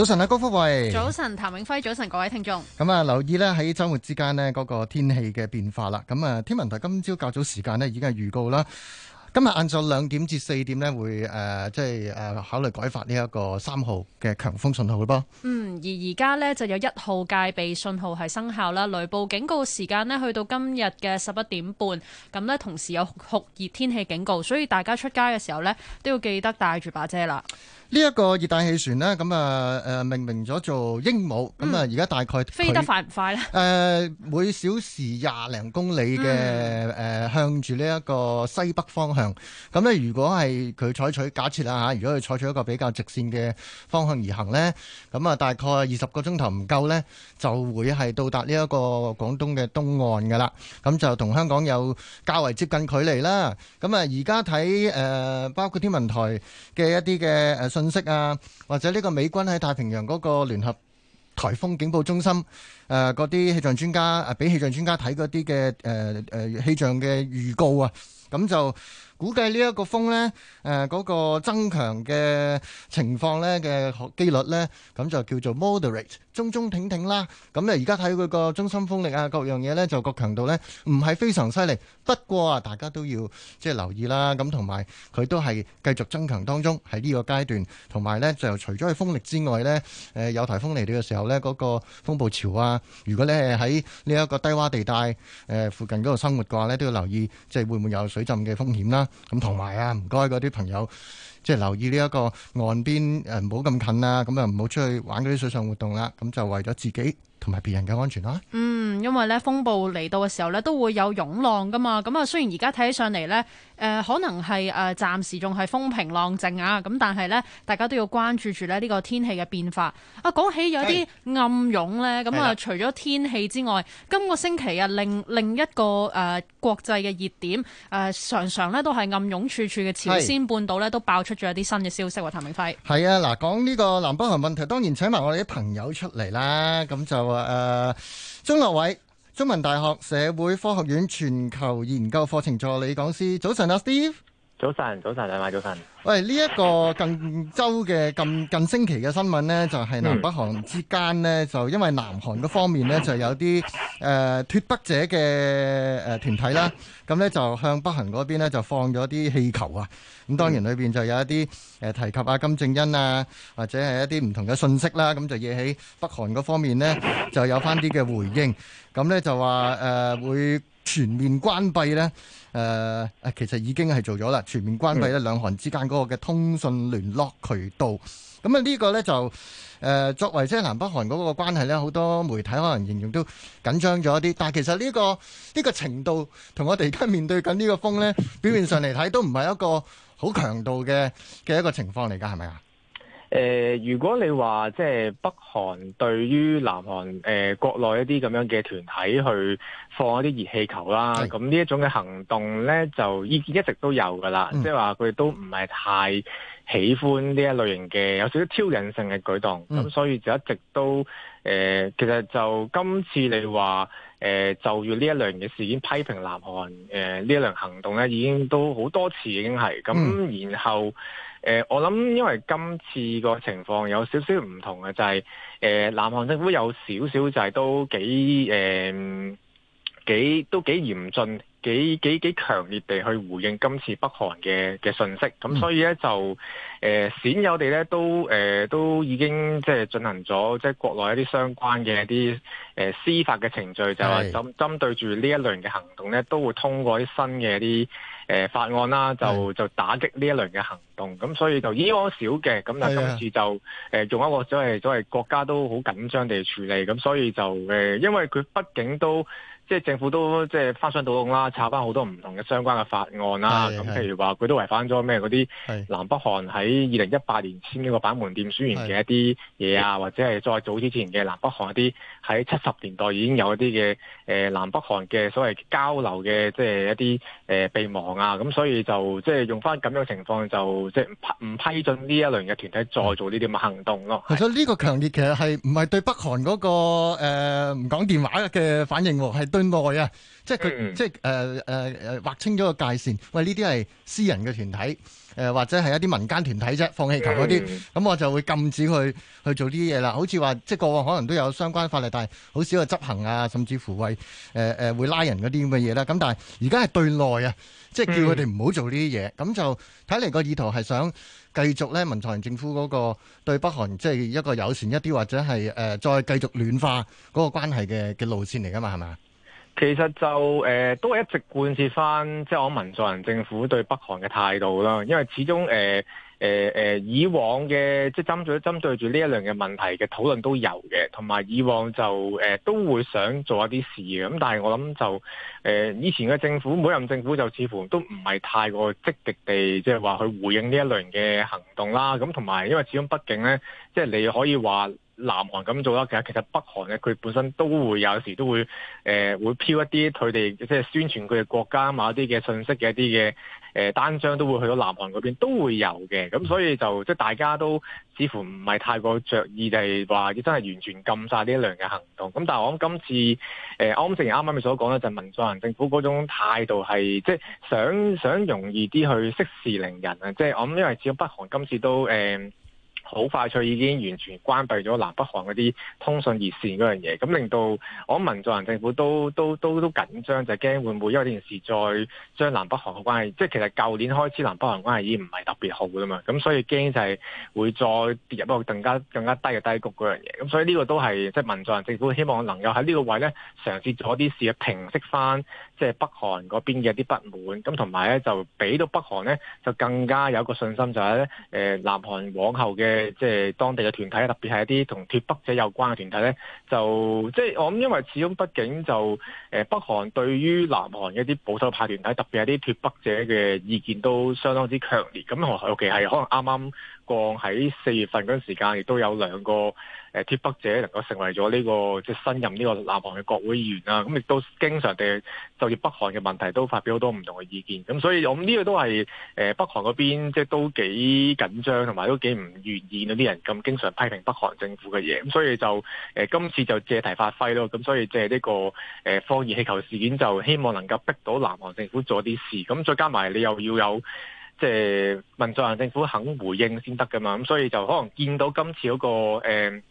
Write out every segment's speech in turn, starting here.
早晨啊，高福慧。早晨，譚永輝。早晨，各位聽眾。咁啊，留意呢喺周末之間呢嗰個天氣嘅變化啦。咁啊，天文台今朝較早時間咧已經係預告啦。今日晏晝兩點至四點呢，會誒，即係誒考慮改發呢一個三號嘅強風信號嘅噃。嗯，而而家呢，就有一號戒備信號係生效啦，雷暴警告時間呢，去到今日嘅十一點半。咁呢，同時有酷熱天氣警告，所以大家出街嘅時候呢，都要記得帶住把遮啦。呢一個熱帶氣旋咧，咁啊誒，命名咗做鸚鵡，咁啊而家大概飛得快唔快咧？誒，每小時廿零公里嘅誒向住呢一個西北方向。咁咧、嗯，如果係佢採取假設啦吓，如果佢採取一個比較直線嘅方向而行咧，咁啊大概二十個鐘頭唔夠咧，就會係到達呢一個廣東嘅東岸嘅啦。咁就同香港有較為接近距離啦。咁啊而家睇誒包括天文台嘅一啲嘅誒。信息啊，或者呢個美軍喺太平洋嗰個聯合颱風警報中心，誒嗰啲氣象專家，誒、啊、俾氣象專家睇嗰啲嘅誒誒氣象嘅預告啊，咁就。估計呢一個風呢，誒、呃、嗰、那個增強嘅情況呢，嘅機率呢，咁就叫做 moderate，中中挺挺啦。咁咧而家睇佢個中心風力啊，各樣嘢呢，就各強度呢，唔係非常犀利。不過啊，大家都要即係留意啦。咁同埋佢都係繼續增強當中，喺呢個階段。同埋呢就除咗佢風力之外呢，誒、呃、有颱風嚟到嘅時候呢，嗰、那個風暴潮啊，如果你係喺呢一個低窪地帶附近嗰度生活嘅話呢，都要留意即係會唔會有水浸嘅風險啦。咁同埋啊，唔該嗰啲朋友，即係留意呢一個岸邊誒，唔好咁近啦，咁啊唔好出去玩嗰啲水上活動啦，咁就為咗自己。同埋別人嘅安全啦、啊。嗯，因為呢風暴嚟到嘅時候呢，都會有湧浪噶嘛。咁啊，雖然而家睇起上嚟呢、呃，可能係誒、呃、暫時仲係風平浪靜啊。咁但係呢，大家都要關注住呢呢個天氣嘅變化。啊，講起有啲暗湧呢，咁啊的，除咗天氣之外，的今個星期啊，另另一個誒、呃、國際嘅熱點誒、呃，常常呢都係暗湧處處嘅朝鮮半島呢都爆出咗一啲新嘅消息。的譚明輝。係啊，嗱，講呢個南北韓問題，當然請埋我哋啲朋友出嚟啦。咁就。誒，鍾樂偉，中文大學社會科學院全球研究課程助理講師，早晨啊，Steve。早晨，早晨，阿馬早晨。喂，呢、這、一個近周嘅近近星期嘅新聞呢，就係、是、南北韓之間呢。就因為南韓嗰方面呢，就有啲誒、呃、脫北者嘅誒團體啦，咁呢，就向北韓嗰邊呢就放咗啲氣球啊。咁當然裏邊就有一啲誒、呃、提及啊，金正恩啊，或者係一啲唔同嘅信息啦。咁就惹起北韓嗰方面呢，就有返啲嘅回應。咁呢，就話誒會。全面關閉咧，誒、呃，其實已經係做咗啦。全面關閉咧，兩韓之間嗰個嘅通訊聯絡渠道。咁啊，呢個呢，就誒、呃，作為即係南北韓嗰個關係咧，好多媒體可能形容都緊張咗一啲。但係其實呢、呢個呢、呢個程度，同我哋而家面對緊呢個風呢，表面上嚟睇都唔係一個好強度嘅嘅一個情況嚟㗎，係咪啊？誒、呃，如果你話即係北韓對於南韓誒、呃、國內一啲咁樣嘅團體去放一啲熱氣球啦，咁呢一種嘅行動咧，就依一直都有噶啦，嗯、即係話佢哋都唔係太喜歡呢一類型嘅有少少挑釁性嘅舉動，咁、嗯、所以就一直都誒、呃，其實就今次你話誒、呃、就要呢一類型嘅事件批評南韓誒呢一類行動咧，已經都好多次已經係咁，嗯、然後。誒、呃，我諗因為今次個情況有少少唔同嘅，就係、是、誒、呃，南韓政府有少少就係都幾誒，幾、呃、都幾嚴峻，幾幾幾強烈地去回應今次北韓嘅嘅信息。咁所以咧就誒，鮮、呃、有地咧都誒、呃、都已經即係進行咗即係國內一啲相關嘅一啲誒司法嘅程序，是就係針針對住呢一輪嘅行動咧，都會通過啲新嘅一啲。誒、呃、法案啦，就就打擊呢一輪嘅行動。咁的所以就以往少嘅，咁啊今次就誒的、呃、用一個所謂所謂國家都好緊張地處理，咁所以就誒、呃，因為佢畢竟都。即係政府都即係翻上島啦，抄翻好多唔同嘅相關嘅法案啦。咁的譬如話佢的都違反咗咩嗰啲南北韓喺二零一八年簽呢個板門店宣言嘅一啲嘢啊，的或者係再早之前嘅南北韓一啲喺七十年代已經有一啲嘅誒南北韓嘅所謂交流嘅即係一啲誒、呃、備忘啊。咁所以就即係用翻咁樣嘅情況，就即係唔批准呢一類嘅團體再做呢啲咁嘅行動咯。其實呢個強烈其實係唔係對北韓嗰、那個誒唔講電話嘅反應，係對。對內啊，即係佢，嗯、即係誒誒誒劃清咗個界線。喂，呢啲係私人嘅團體，誒、呃、或者係一啲民間團體啫，放氣球嗰啲，咁、嗯嗯、我就會禁止佢去,去做呢啲嘢啦。好似話，即係過往可能都有相關法例，但係好少去執行啊，甚至乎為誒誒會拉人嗰啲咁嘅嘢啦。咁但係而家係對內啊，即係叫佢哋唔好做呢啲嘢。咁、嗯、就睇嚟個意圖係想繼續咧，文在寅政府嗰個對北韓即係一個友善一啲，或者係誒、呃、再繼續暖化嗰個關係嘅嘅路線嚟噶嘛？係咪？其實就誒、呃、都一直貫徹翻，即、就、係、是、文在寅政府對北韓嘅態度啦。因為始終誒誒以往嘅即係針對針對住呢一輪嘅問題嘅討論都有嘅，同埋以往就誒、呃、都會想做一啲事嘅。咁但係我諗就誒、呃、以前嘅政府每任政府就似乎都唔係太過積極地即係話去回應呢一輪嘅行動啦。咁同埋因為始終畢竟咧，即、就、係、是、你可以話。南韓咁做啦，其實其實北韓咧，佢本身都會有時都會誒、呃、會飄一啲佢哋即係宣傳佢嘅國家某一啲嘅信息嘅一啲嘅誒單張，都會去到南韓嗰邊都會有嘅。咁所以就即係大家都似乎唔係太過着意，就係、是、話真係完全禁晒呢一類嘅行動。咁但我諗今次誒、呃，我諗正如啱啱你所講咧，就是、民粹型政府嗰種態度係即係想想容易啲去息事寧人啊！即係我諗，因為只有北韓今次都、呃好快脆已經完全關閉咗南北韓嗰啲通訊熱線嗰樣嘢，咁令到我覺得文在寅政府都都都都緊張，就係、是、驚會唔會因為呢件事再將南北韓嘅關係，即、就、係、是、其實舊年開始南北韓關係已經唔係特別好噶啦嘛，咁所以驚就係會再跌入一個更加更加低嘅低谷嗰樣嘢，咁所以呢個都係即係文在寅政府希望能夠喺呢個位呢，嘗試做一啲事去平息翻即係北韓嗰邊嘅一啲不滿，咁同埋呢，就俾到北韓呢，就更加有一個信心就係呢誒，南韓往後嘅。誒即係當地嘅團體，特別係一啲同脫北者有關嘅團體咧，就即係我諗，因為始終畢竟就誒北韓對於南韓嘅一啲保守派團體，特別係一啲脫北者嘅意見都相當之強烈，咁尤其係可能啱啱。喺四月份嗰陣時間，亦都有兩個誒、呃、脫北者能夠成為咗呢、這個即係新任呢個南韓嘅國會議員啊。咁、嗯、亦都經常地就住北韓嘅問題都發表好多唔同嘅意見。咁所以我呢、嗯、這個都係誒、呃、北韓嗰邊即係都幾緊張，同埋都幾唔願意嗰啲人咁經常批評北韓政府嘅嘢。咁、嗯、所以就誒、呃、今次就借題發揮咯。咁、嗯、所以借呢、這個誒放、呃、熱氣球事件，就希望能夠逼到南韓政府做啲事。咁、嗯、再加埋你又要有。即係民主黨政府肯回應先得㗎嘛，咁所以就可能見到今次嗰、那個誒，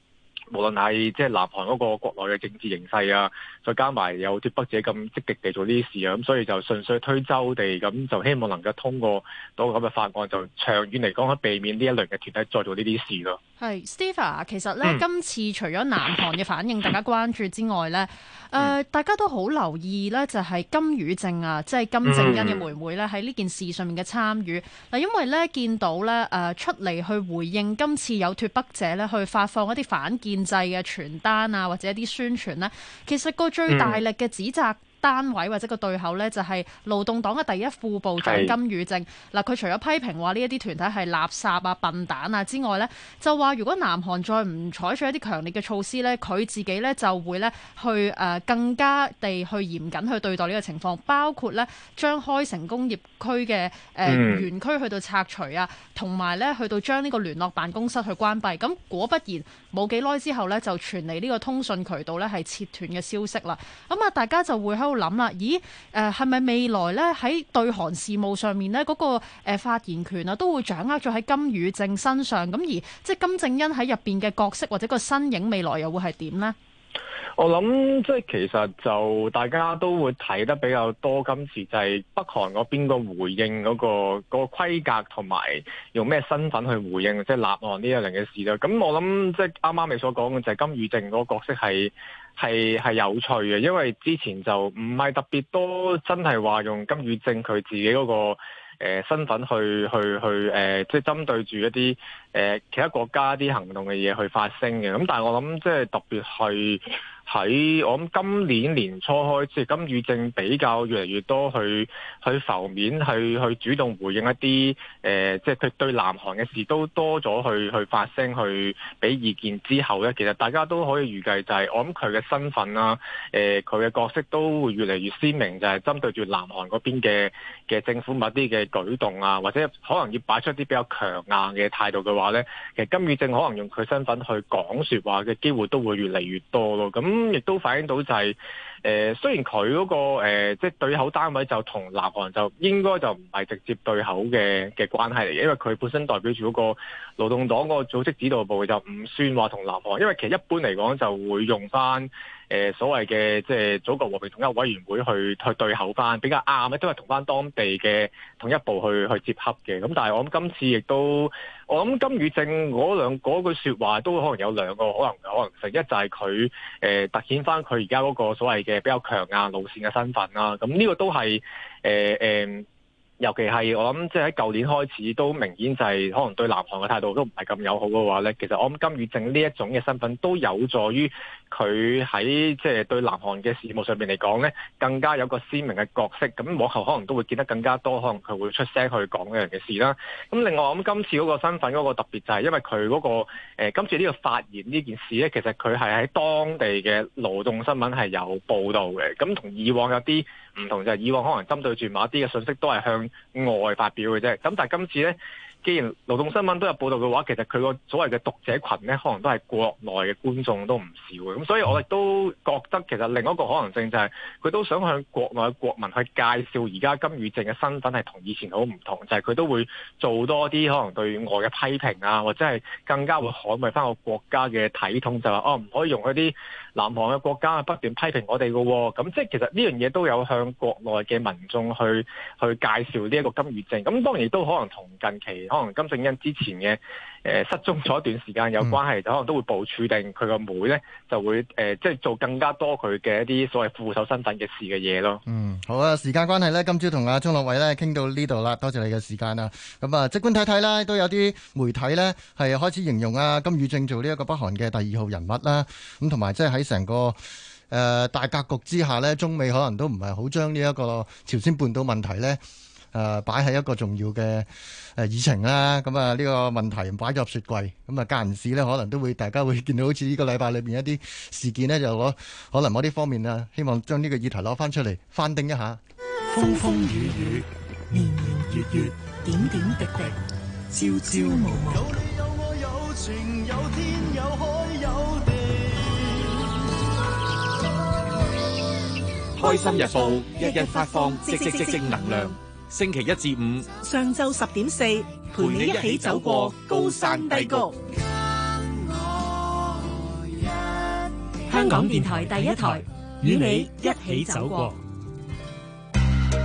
無論係即係南韓嗰個國內嘅政治形勢啊，再加埋有啲脫北者咁積極地做呢啲事啊，咁所以就順水推舟地咁就希望能夠通過到咁嘅法案，就長遠嚟講避免呢一輪嘅團體再做呢啲事咯。係 Stephen 其實咧，嗯、今次除咗南韓嘅反應，大家關注之外咧、嗯呃，大家都好留意咧，就係、是、金與正啊，即係金正恩嘅妹妹咧，喺呢件事上面嘅參與。嗱，因為咧見到咧、呃、出嚟去回應今次有脫北者咧，去發放一啲反建制嘅傳單啊，或者一啲宣傳咧，其實個最大力嘅指責。單位或者個對口呢，就係勞動黨嘅第一副部長金與正。嗱，佢除咗批評話呢一啲團體係垃圾啊、笨蛋啊之外呢，就話如果南韓再唔採取一啲強烈嘅措施呢，佢自己呢就會呢去更加地去嚴謹去對待呢個情況，包括呢將開城工業區嘅誒園區去到拆除啊，同埋呢去到將呢個聯絡辦公室去關閉。咁果不然，冇幾耐之後呢，就傳嚟呢個通訊渠道呢係切斷嘅消息啦。咁啊，大家就會喺。都諗啦，咦？誒，係咪未來咧，喺對韓事務上面咧，嗰個誒發言權啊，都會掌握咗喺金與正身上？咁而即係金正恩喺入邊嘅角色或者個身影，未來又會係點呢？我諗即係其實就大家都會睇得比較多，今次就係北韓嗰邊個回應嗰、那個、那個規格同埋用咩身份去回應，即係、就是、立案呢一類嘅事啦。咁我諗即係啱啱你所講嘅就係、是、金與正嗰個角色係係係有趣嘅，因為之前就唔係特別多真係話用金與正佢自己嗰、那個。誒、呃，身份去去去誒、呃，即係針對住一啲誒、呃、其他國家啲行動嘅嘢去發聲嘅，咁但係我諗即係特別係。喺我諗今年年初開始，金與正比較越嚟越多去去浮面，去去主動回應一啲誒，即係對對南韓嘅事都多咗去去發聲，去俾意見之後咧，其實大家都可以預計就係我諗佢嘅身份啦，誒佢嘅角色都會越嚟越鮮明，就係針對住南韓嗰邊嘅嘅政府某啲嘅舉動啊，或者可能要擺出一啲比較強硬嘅態度嘅話咧，其實金與正可能用佢身份去講説話嘅機會都會越嚟越多咯，咁。亦、嗯、都反映到就係、是，誒、呃、雖然佢嗰、那個、呃、即係對口單位就同南韓就應該就唔係直接對口嘅嘅關係嚟嘅，因為佢本身代表住嗰個勞動黨嗰個組織指導部，就唔算話同南韓，因為其實一般嚟講就會用返。誒、呃、所謂嘅即係祖國和平統一委員會去去對口翻比較啱咧，都係同翻當地嘅統一部去去接洽嘅。咁但係我諗今次亦都，我諗金與正嗰句說話都可能有兩個可能，可能性：一就係佢誒突顯翻佢而家嗰個所謂嘅比較強硬路線嘅身份啦。咁、啊、呢、嗯這個都係誒、呃呃、尤其係我諗即係喺舊年開始都明顯就係可能對南韓嘅態度都唔係咁友好嘅話咧，其實我諗金與正呢一種嘅身份都有助於。佢喺即係對南韓嘅事務上面嚟講呢，更加有個鮮明嘅角色。咁往後可能都會見得更加多，可能佢會出聲去講一樣嘅事啦。咁另外，咁今次嗰個身份嗰個特別就係因為佢嗰個、呃、今次呢個發言呢件事呢，其實佢係喺當地嘅勞動新聞係有報導嘅。咁同以往有啲唔同就係、是、以往可能針對住某一啲嘅信息都係向外發表嘅啫。咁但係今次呢。既然《勞動新聞》都有報道嘅話，其實佢個所謂嘅讀者群呢，可能都係國內嘅觀眾都唔少嘅。咁所以我亦都覺得其實另一個可能性就係、是、佢都想向國內嘅國民去介紹而家金與正嘅身份係同以前好唔同，就係、是、佢都會做多啲可能對外嘅批評啊，或者係更加會捍衞翻個國家嘅體統，就話哦唔可以用一啲。南韓嘅國家不斷批評我哋嘅，咁即係其實呢樣嘢都有向國內嘅民眾去去介紹呢一個金與正。咁當然亦都可能同近期可能金正恩之前嘅誒、呃、失蹤咗一段時間有關係，就、嗯、可能都會部署定佢個妹咧，就會誒即係做更加多佢嘅一啲所謂副手身份嘅事嘅嘢咯。嗯，好啊，時間關係咧，今朝同阿鍾樂偉咧傾到呢度啦，多謝你嘅時間啊。咁啊，即管睇睇啦，都有啲媒體咧係開始形容啊金與正做呢一個北韓嘅第二號人物啦。咁同埋即係喺，成個誒、呃、大格局之下咧，中美可能都唔係好將呢一個朝鮮半島問題咧誒擺喺一個重要嘅誒、呃、議程啦。咁啊呢個問題擺咗入雪櫃，咁啊間唔時咧可能都會大家會見到好似呢個禮拜裏邊一啲事件咧，就攞可能某啲方面啊，希望將呢個議題攞翻出嚟翻定一下。風風雨雨，年年月月，點點滴滴，朝朝暮暮。有你有我有情有天有《開心日報》，日日發放，積積積正能量。星期一至五，上晝十點四，陪你一起走過高山低谷。香港電台第一台，與你一起走過。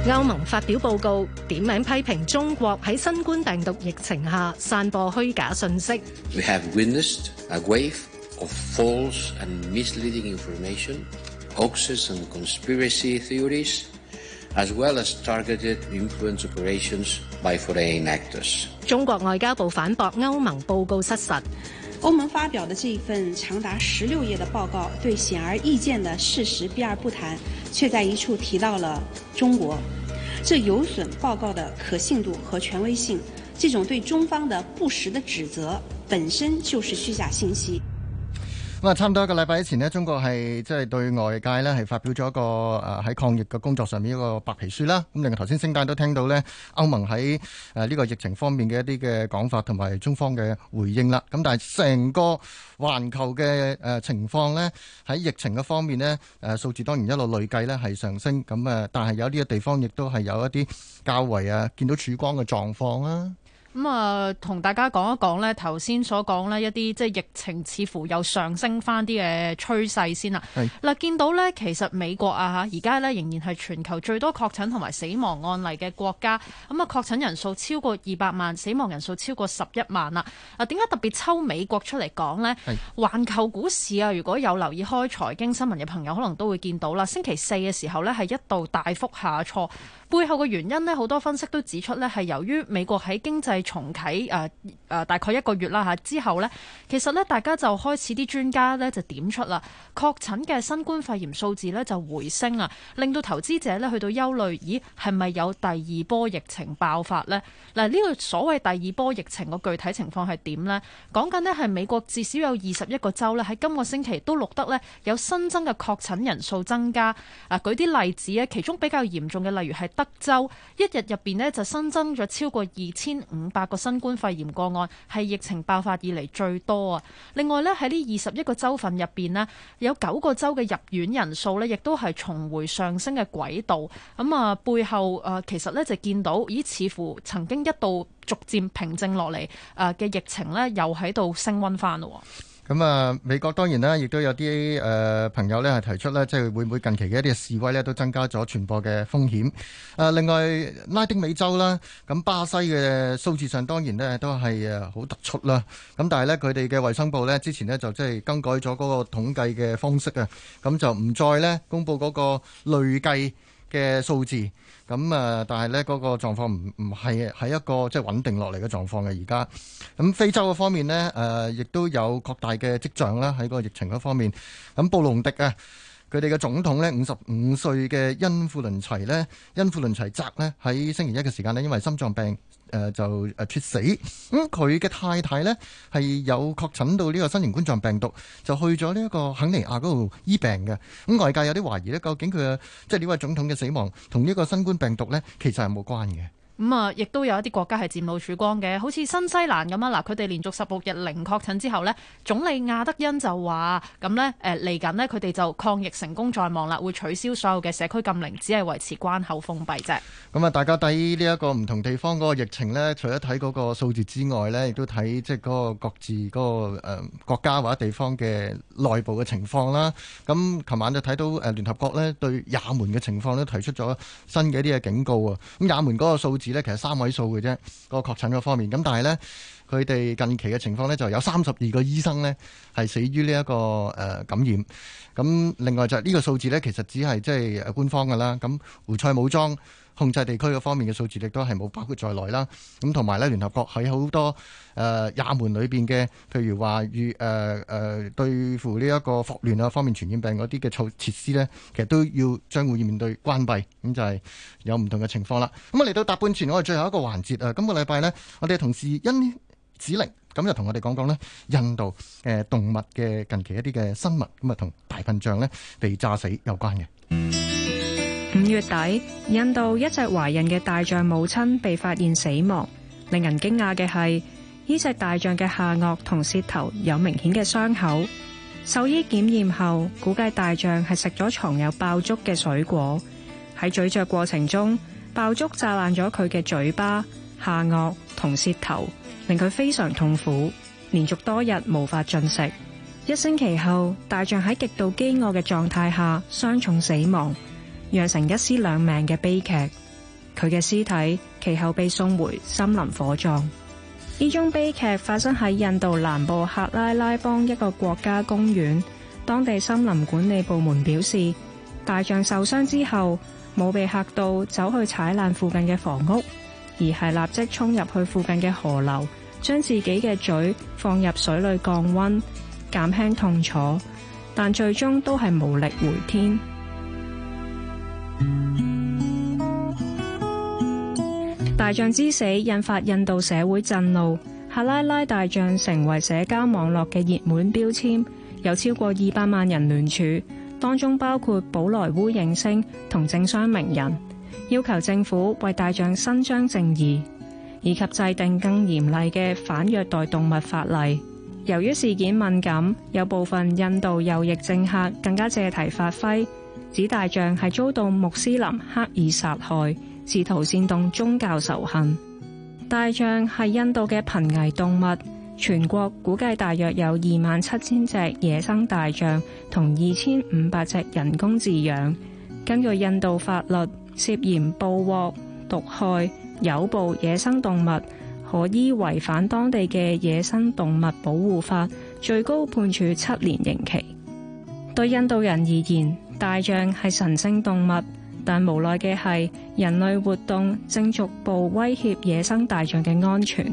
歐盟發表報告，點名批評中國喺新冠病毒疫情下散播虛假信息。We have witnessed a wave of false and misleading information. hoaxes and conspiracy theories, as well as targeted influence operations by foreign actors。中國外交部反駁歐盟報告失實。歐盟發表的這一份長達十六頁的報告，對顯而易見的事實避而不談，卻在一處提到了中國，這有損報告的可信度和權威性。這種對中方的不實的指責本身就是虛假信息。咁啊，差唔多一個禮拜以前呢，中國係即係對外界呢係發表咗一個誒喺抗疫嘅工作上面一個白皮書啦。咁另外頭先聲帶都聽到呢，歐盟喺呢個疫情方面嘅一啲嘅講法同埋中方嘅回應啦。咁但係成個環球嘅誒情況呢，喺疫情嘅方面呢，誒數字當然一路累計呢係上升。咁啊，但係有啲地方亦都係有一啲較為啊見到曙光嘅狀況啦。咁啊，同、嗯、大家講一講咧，頭先所講咧一啲即係疫情似乎又上升翻啲嘅趨勢先啦。嗱見是到咧，其實美國啊吓而家咧仍然係全球最多確診同埋死亡案例嘅國家。咁啊，確診人數超過二百萬，死亡人數超過十一萬啦。啊，點解特別抽美國出嚟講咧？環是球股市啊，如果有留意開財經新聞嘅朋友，可能都會見到啦。星期四嘅時候咧，係一度大幅下挫，背後嘅原因咧，好多分析都指出咧，係由於美國喺經濟。重啟誒誒大概一個月啦，吓之後呢，其實咧大家就開始啲專家呢就點出啦，確診嘅新冠肺炎數字呢就回升啊，令到投資者呢去到憂慮，咦係咪有第二波疫情爆發呢？嗱、這、呢個所謂第二波疫情個具體情況係點呢？講緊呢係美國至少有二十一個州呢喺今個星期都錄得呢有新增嘅確診人數增加。啊，舉啲例子咧，其中比較嚴重嘅例如係德州，一日入邊呢就新增咗超過二千五。八個新冠肺炎個案係疫情爆發以來最多啊！另外咧喺呢二十一個州份入邊呢，有九個州嘅入院人數呢亦都係重回上升嘅軌道。咁、嗯、啊，背後啊、呃，其實咧就見到咦，似乎曾經一度逐漸平靜落嚟啊嘅疫情呢，又喺度升溫翻咯。咁啊，美國當然啦，亦都有啲誒朋友呢係提出呢，即係會唔會近期嘅一啲示威呢，都增加咗傳播嘅風險。啊，另外拉丁美洲啦，咁巴西嘅數字上當然呢都係誒好突出啦。咁但係呢，佢哋嘅衞生部呢之前呢就即係更改咗嗰個統計嘅方式啊，咁就唔再呢公佈嗰個累計嘅數字，咁啊，但係呢嗰個狀況唔唔係喺一個即係穩定落嚟嘅狀況嘅，而家，咁非洲方面呢，誒亦都有擴大嘅跡象啦，喺個疫情嗰方面。咁布隆迪啊，佢哋嘅總統呢，五十五歲嘅恩庫倫齊呢，恩庫倫齊扎呢，喺星期一嘅時間呢，因為心臟病。誒、呃、就誒猝、啊、死，咁佢嘅太太呢，係有確診到呢個新型冠狀病毒，就去咗呢一個肯尼亞嗰度醫病嘅。咁、嗯、外界有啲懷疑呢，究竟佢嘅即係呢位總統嘅死亡同呢個新冠病毒呢，其實係冇關嘅。咁啊，亦都、嗯、有一啲國家係嶄露曙光嘅，好似新西蘭咁啊！嗱，佢哋連續十六日零確診之後咧，總理亞德恩就話咁咧，誒嚟緊咧，佢哋就抗疫成功在望啦，會取消所有嘅社區禁令，只係維持關口封閉啫。咁啊，大家睇呢一個唔同地方個疫情咧，除咗睇嗰個數字之外咧，亦都睇即係嗰個各自嗰個誒國家或者地方嘅內部嘅情況啦。咁琴晚就睇到誒聯合國咧對也門嘅情況咧提出咗新嘅一啲嘅警告啊！咁也門嗰個數字。呢其實三位數嘅啫，個確診個方面咁，但係呢，佢哋近期嘅情況呢，就有三十二個醫生呢係死於呢一個誒感染，咁另外就係呢個數字呢，其實只係即係官方㗎啦，咁胡塞武裝控制地區方面嘅數字亦都係冇包括在內啦。咁同埋咧，聯合國喺好多誒、呃、也門裏邊嘅，譬如話與誒誒對付呢一個霍亂啊方面傳染病嗰啲嘅措設施咧，其實都要將會面對關閉。咁就係有唔同嘅情況啦。咁啊嚟到搭半前我哋最後一個環節啊、呃，今個禮拜呢，我哋同事甄梓鈴咁就同我哋講講咧，印度誒、呃、動物嘅近期一啲嘅生物咁啊同大笨象呢被炸死有關嘅。五月底，印度一隻懷孕嘅大象母親被發現死亡。令人驚訝嘅係，呢隻大象嘅下顎同舌頭有明顯嘅傷口。獸醫檢驗後，估計大象係食咗藏有爆竹嘅水果。喺咀嚼過程中，爆竹炸爛咗佢嘅嘴巴、下顎同舌頭，令佢非常痛苦，連續多日無法進食。一星期後，大象喺極度饑餓嘅狀態下，傷重死亡。釀成一屍兩命嘅悲劇，佢嘅屍體其後被送回森林火葬。呢種悲劇發生喺印度南部喀拉拉邦一個國家公園，當地森林管理部門表示，大象受傷之後冇被嚇到，走去踩爛附近嘅房屋，而係立即衝入去附近嘅河流，將自己嘅嘴放入水裏降溫，減輕痛楚，但最終都係無力回天。大象之死引發印度社會震怒，喀拉拉大象成為社交網絡嘅熱門標籤，有超過二百萬人聯署，當中包括寶萊塢影星同政商名人，要求政府為大象伸張正義，以及制定更嚴厲嘅反虐待動物法例。由於事件敏感，有部分印度右翼政客更加借題發揮，指大象係遭到穆斯林刻意殺害。試圖煽動宗教仇恨。大象係印度嘅瀕危動物，全國估計大約有二萬七千隻野生大象同二千五百隻人工飼養。根據印度法律，涉嫌捕獲、毒害、誘捕野生動物，可依違反當地嘅野生動物保護法，最高判處七年刑期。對印度人而言，大象係神聖動物。但無奈嘅係人類活動正逐步威脅野生大象嘅安全。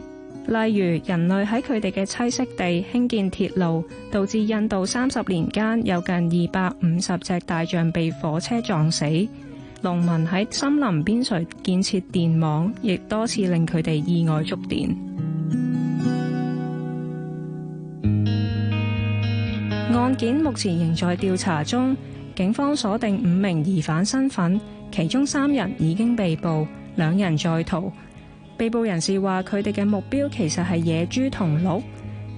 例如，人類喺佢哋嘅棲息地興建鐵路，導致印度三十年間有近二百五十隻大象被火車撞死。農民喺森林邊上建設電網，亦多次令佢哋意外觸電。案件目前仍在調查中。警方鎖定五名疑犯身份，其中三人已經被捕，兩人在逃。被捕人士話：佢哋嘅目標其實係野豬同鹿。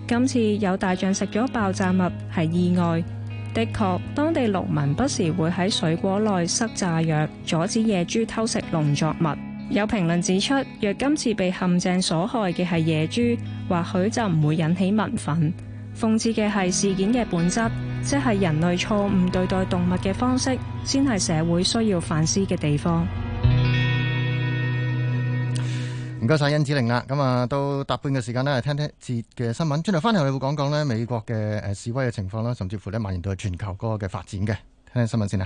今次有大象食咗爆炸物，係意外。的確，當地農民不時會喺水果內塞炸藥，阻止野豬偷食農作物。有評論指出，若今次被陷阱所害嘅係野豬，或許就唔會引起民憤。諷刺嘅係事件嘅本質，即係人類錯誤對待動物嘅方式，先係社會需要反思嘅地方。唔該晒甄子玲啦，咁啊到搭半嘅時間咧，聽聽節嘅新聞。轉頭翻嚟，我哋會講講呢美國嘅誒、呃、示威嘅情況啦，甚至乎呢蔓延到全球嗰個嘅發展嘅。聽聽新聞先啦。